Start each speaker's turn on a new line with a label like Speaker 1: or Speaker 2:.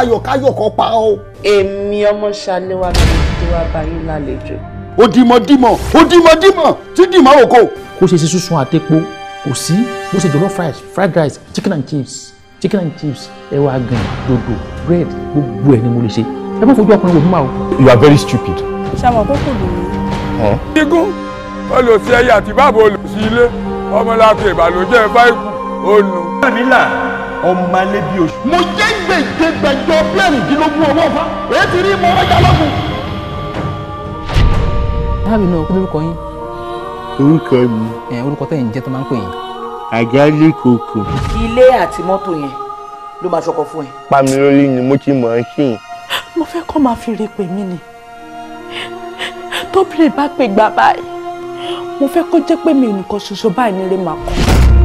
Speaker 1: ayọ̀káyọ̀ kan pa ọ́. èmi ọmọ ṣàlẹ́wà ló ti wá bá yín lálejò.
Speaker 2: odimodimọ odimodimọ tí dìmọ òkò. kó ṣe ṣe sísun àtẹ̀pó kò sí bó ṣe jollof rice fried rice chicken and chips chicken and chips ẹ̀wà gan dòdò bread gbogbo ẹ̀ ni mo lè ṣe ẹ bá fojú ọkùnrin wò mí máa o. you are very stupid.
Speaker 3: ṣàmọ̀ kókò lò ó. igun olùsí ẹyẹ àti báàbò olùsí ilé ọmọlàkè ìbàlójẹ báyìí kù ó nu. ọmọ mi là ọmọ alẹ́ bí oṣù. mo jẹ́ ẹ̀ẹ́dẹ́gbẹ̀jọ mẹ́rìndínlógún ọwọ́ fa èyí ti rí mọ ọjà lọ́gùn.
Speaker 4: dábì náà kí lórúkọ yín.
Speaker 5: orúkọ mi. ẹ orúkọ tẹ̀yìn jẹ́ tó máa ń pè yín. àjálù kòkò.
Speaker 4: ilé
Speaker 6: àti mọ́tò yẹn ló máa ṣọkọ fún ẹ.
Speaker 5: pa mi lórí ni mo ti mọ̀ ọ́n sí i.
Speaker 6: mo fẹ́ kọ́ máa fi rèpè mí ni tóbìnrin bá pè gbà báyìí mo fẹ́ kó jẹ́ pé mi nìkan ṣoṣo báyìí nílé màá kọ́.